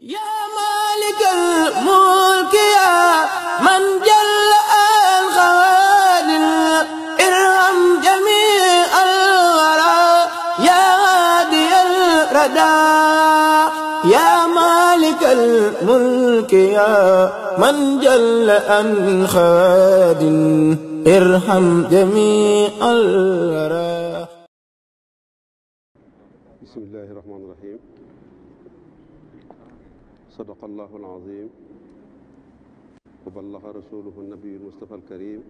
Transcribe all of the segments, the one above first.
yaa maalikal mulki yaa man jalla al xawaadir irham jamii al waraa yaa haadiyal radaa yaa maalikal mulki yaa man jalla al xawaadir irham jamii al waraa sadaqa allahu alazim wa ballaga rasuluhu nabiyu almustafa alkarim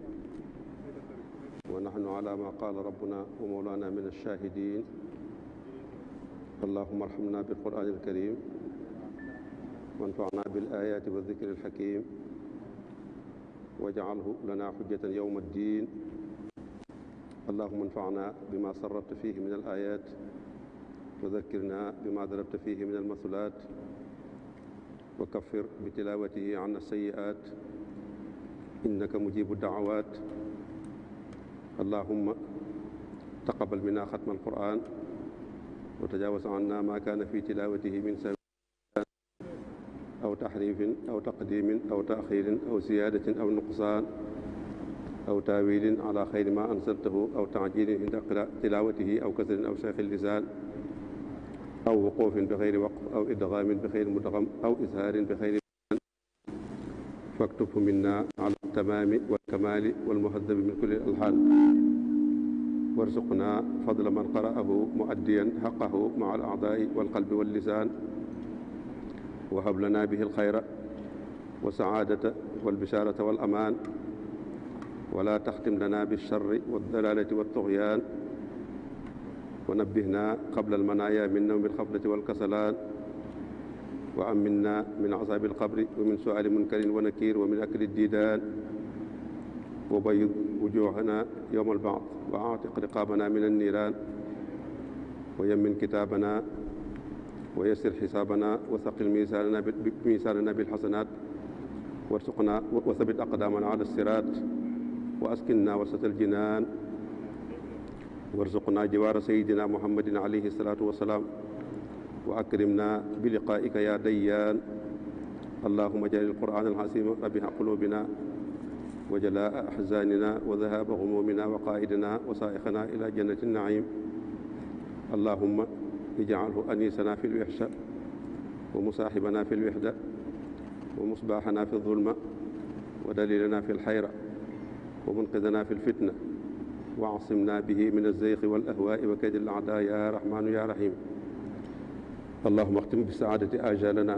wa nahnu ala ma qala rabbuna wa mawlana min alshahidin allahuma arhamna bilquran alkarim wanfana bilayati wa dikri alhakim wajcalhu lana xujjatan yowma addin allahuma anfacna bima sarrafta fihi min alayat wa dakkirna bima darabta fihi min almasulat وكفر بتلاوته عنا السيئات إنك مجيب الدعوات اللهم تقبل منا ختم القرآن وتجاوز عنا ما كان في تلاوته من سبيل أو تحريف أو تقديم أو تأخير أو زيادة أو نقصان أو تاويل على خير ما أنزلته أو تعجيل عند تلاوته أو كسر أو شيخ اللسان أو وقوف بغير وقت aw idgaamin bi xayri mudgam aw ishaarin bi xayri faktubhu minna ala tamaami walkamaali walmuhadabi min kulli alxaan warzuqna fadla man qara'ahu muaddiyan xaqahu maa al aadaai walqalbi wallisaan wa hab lana bihi alxayra wa saadata walbishaarata walamaan wala taxtim lana bilsharri waddalaalati waltugyaan wa nabbihna qabla almanaaya min nawmi alxaflati walkasalaan wa aminna min azabi alqabri wa min suali munkarin wa nakir wa min akli diidaan wa bayid wujuhana yowma albaad wa aatiq riqaabana min anniiraan wa yammin kitaabana wa yassir xisaabana wa saqil miisaanana miisaanana bilxasanaat warsuqna wa sabit aqdaamana ala siraat wa askinna wasatal jinaan warsuqna jiwaara sayidina muhammadin alayhi salaatu wasalaam wa akrimna bi liqaa'ika ya dayyaan allahuma jalil qur'aan alazima rabiha qulubina wa jalaa ahzanina wa dhahaba ghumumina wa qaa'idina wa saa'iqana ila jannati naim allahuma ij'alhu anisana fi lwihsha wa musaaxibana fi lwihda wa musbaaxana fi zulma wa dalilana fi lxayra wa munqidana fi lfitna wa asimna bihi min alzeyqi wal ahwaai wa kaydi al a'daa ya rahmaanu ya rahim اللهم اختم بالسعادة آجالنا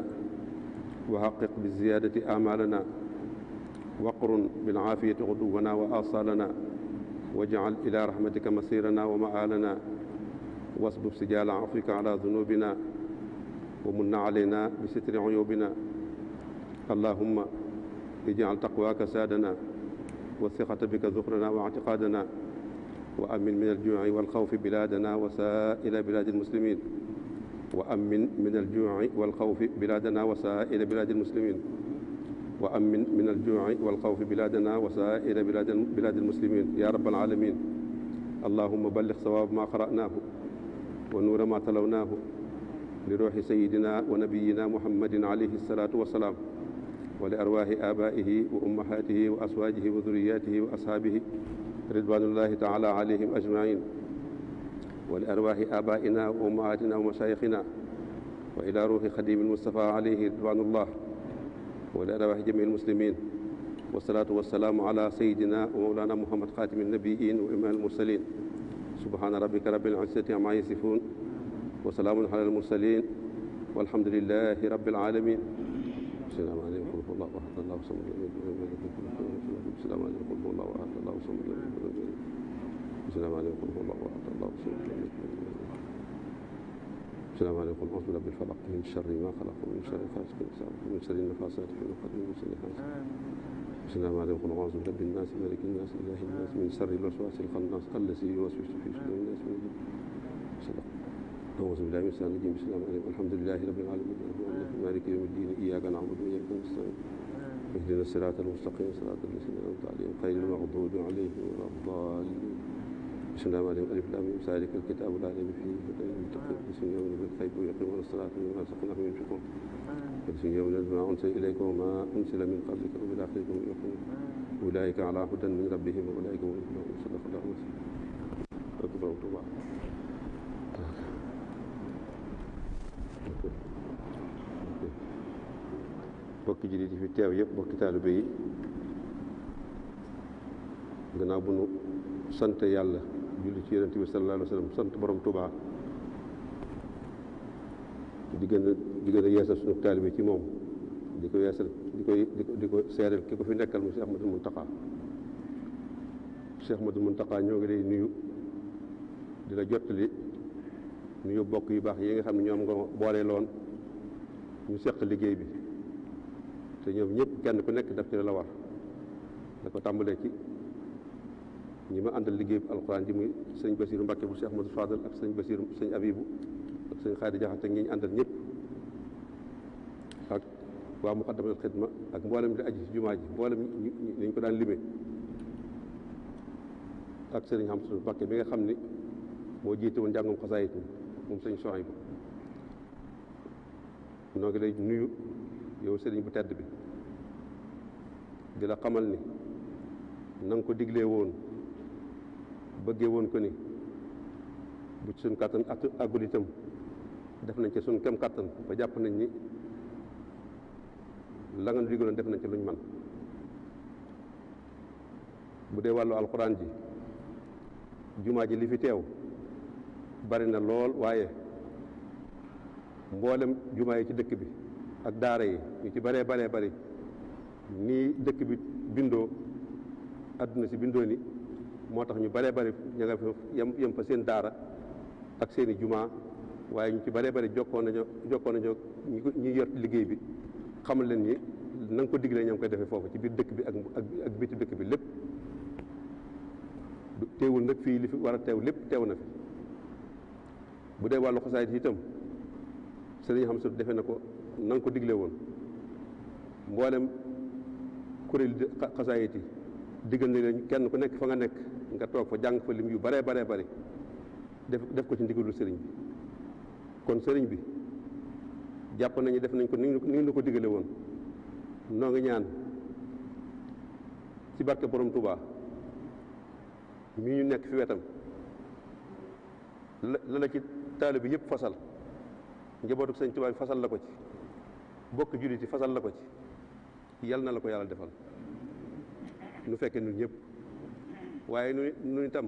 وحقق بالزيادة آمالنا وقرن بالعافية غدونا وآصالنا واجعل إلى رحمتك مصيرنا ومآلنا واسبب سجال عفوك على ذنوبنا ومن علينا بستر عيوبنا اللهم اجعل تقواك سادنا والثقة بك ذخرنا واعتقادنا وأمن من الجوع والخوف بلادنا وسائر بلاد المسلمين وأمن من الجوع والخوف بلادنا وسائر بلاد المسلمين وأمن من الجوع والخوف بلادنا وسائر بلاد بلاد المسلمين يا رب العالمين اللهم بلغ صواب ما قرأناه ونور ما تلوناه لروح سيدنا ونبينا محمد عليه الصلاة والسلام ولأرواح آبائه وأمهاته وأزواجه وذرياته وأصحابه رضوان الله تعالى عليهم أجمعين ولأرواح آبائنا وأمهاتنا ومشايخنا وإلى روح خديم المصطفى عليه رضوان الله ولأرواح جميع المسلمين والصلاة والسلام على سيدنا ومولانا محمد خاتم النبيين وإمام المرسلين سبحان ربك رب العزة عما يصفون وسلام على المرسلين والحمد لله رب العالمين السلام عليكم ورحمة الله وبركاته السلام عليكم ورحمة الله وبركاته asalaamaaleykum wa rahmatulah asalaamaaleykum wa rahmatulah bil falaq min charri ma xalaq min charri xaasiqin iza waqab min charri nafaasaati fil uqad min charri haasiqin asalaamaaleykum wa rahmatulah bin naas maliki naas ilaahi naas min charri l-waswaasil xannaas allazi yuwaswisu fi suduuri naas min أعوذ بالله من الشيطان الرجيم بسم الله الرحمن الرحيم الحمد لله رب العالمين مالك يوم الدين إياك نعبد وإياك نستعين اهدنا الصراط المستقيم صراط الذين أنعمت عليهم غير المغضوب عليهم ولا الضالين bismillaahi rahmaani rahiim alif laam miim zaalikal kitaabu laa rayba fiihi hudan lil muttaqiin alladhiina yu'minuuna bil ghaybi wa yuqiimuuna as-salaata wa mimmaa razaqnaahum yunfiquun والذين يؤمنون بما أنزل إليك وما أنزل من قبلك وبالآخرة هم يوقنون أولئك على هدى من ربهم وأولئك هم المفلحون صدق الله العظيم أكبر الله bokki jullit yi fi teew yëpp bokki taalibe yi gannaaw bu nu sant yàlla julli ci yonent bi sallallahu alayhi wa sallam sant borom Tuubaa di gën a di gën a yeesal sunu taalibe ci moom di ko yeesal di koy di ko seeral ki ko fi nekkal mu seex Ahmadul Muntaqa Cheikh Ahmadul Muntaqa ñoo ngi lay nuyu di la li nuyu bokk yu baax yi nga xam ne ñoom nga boole loon ñu seq liggéey bi te ñoom ñëpp kenn ku nekk def ci la war da ko tàmbalee ci ñi ma àndal liggéey bu alxuraan ji muy sañ Basiiru Mbàkke bu Cheikh Ahmadou Fadal ak sëñ Basiiru sëñ Abibu ak sëñ Xaadi Jaxate ñi ñu àndal ñëpp ak waa Muqaddamatul Xidma ak mboolem di aji ci jumaa ji mboolem ñu ko daan limee ak sëriñ Xamsatu Mbàkke bi nga xam ni moo jiite woon njàngum xasaayit moom sëñ Sohaybu noo ngi nuyu yow sëriñ bu tedd bi dina xamal ni na ko diglee woon bëggee woon ko ni bu ci suñ kàttan at àggul itam def nañ ci suñ kem kàttan ba jàpp nañ ni la nga digaloon def nañ ci luñ man bu dee wàllu alxuraan ji jumaa ji li fi teew bari na lool waaye mboolem jumaa yi ci dëkk bi ak daara yi ñu ci baree baree bari nii dëkk bi bindoo àdduna si bindoo ni moo tax ñu baree bari ña nga yem yem fa seen daara ak seen i jumaa waaye ñu ci bare bari jokkoon nañu jokkoon nañu ñu yor liggéey bi xamul leen ni na ko diglee ñoo ngi koy defee foofu ci biir dëkk bi ak ak biti dëkk bi lépp teewul nag fii li fi war a teew lépp teew na bu dee wàllu xosaayit yi itam sëriñ xam defee na ko na ko digle woon mboolem kuréel xasaayit yi diggal leen kenn ku nekk fa nga nekk nga toog fa jàng fa lim yu baree baree bari def def ko ci ndigalu sëriñ bi kon sëriñ bi jàpp nañu def nañ ko ni ngi la ko digale woon noo ngi ñaan ci barke borom Touba mu ñu nekk fi wetam la la ci taalibe bi yëpp fasal njabootu sëñ Touba bi fasal la ko ci bokk jullit yi fasal la ko ci yal na la ko yàlla defal nu fekke ñun ñëpp waaye nu nu itam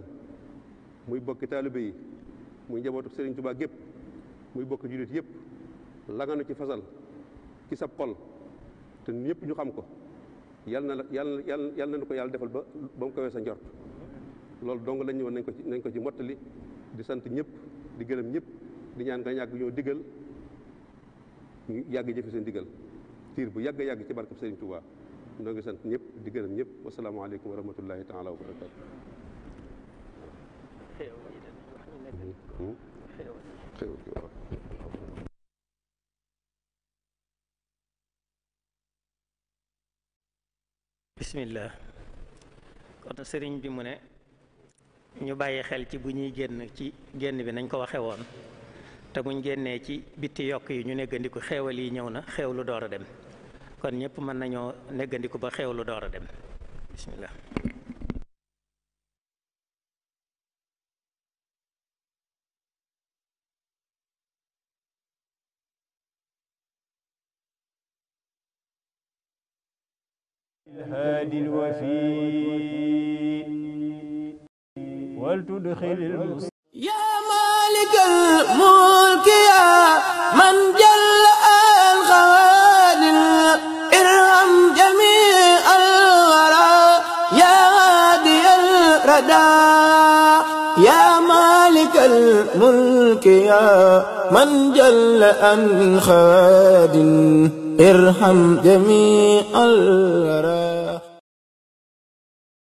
muy bokki taalibe yi muy njabootu sëriñ tubaa gépp muy bokki jullit yëpp la nga ci fasal ci sa xol te ñëpp ñu xam ko yal na la yal yal na ko yàlla defal ba ba mu kawee sa njort loolu dong lañ ñëwoon nañ ko ci nañ ko ci mottali di sant ñëpp di gërëm ñëpp di ñaan nga ñàgg ñoo diggal ñu yàgg jëfe seen diggal tiir bu yàgg yàgg ci barkab sëriñ Tuubaa noo ngi di gërëm ñëpp wasalaamaaleykum wa rahmatullahi taala wa kon sëriñ bi mu ne ñu bàyyi xel ci bu ñuy génn ci génn bi nañ ko waxe woon te buñ génnee ci bitti yokk yi ñu ne xewal xéewal yi ñëw na xew lu door a dem kon ñëpp mën nañoo neggandiku ba xewlu door a dem bismillah الهادي الوفي ولتدخل المسلم يا مالك الملك يا من جاء يا مالك الملك يا من جل عن خاد ارحم جميع الورى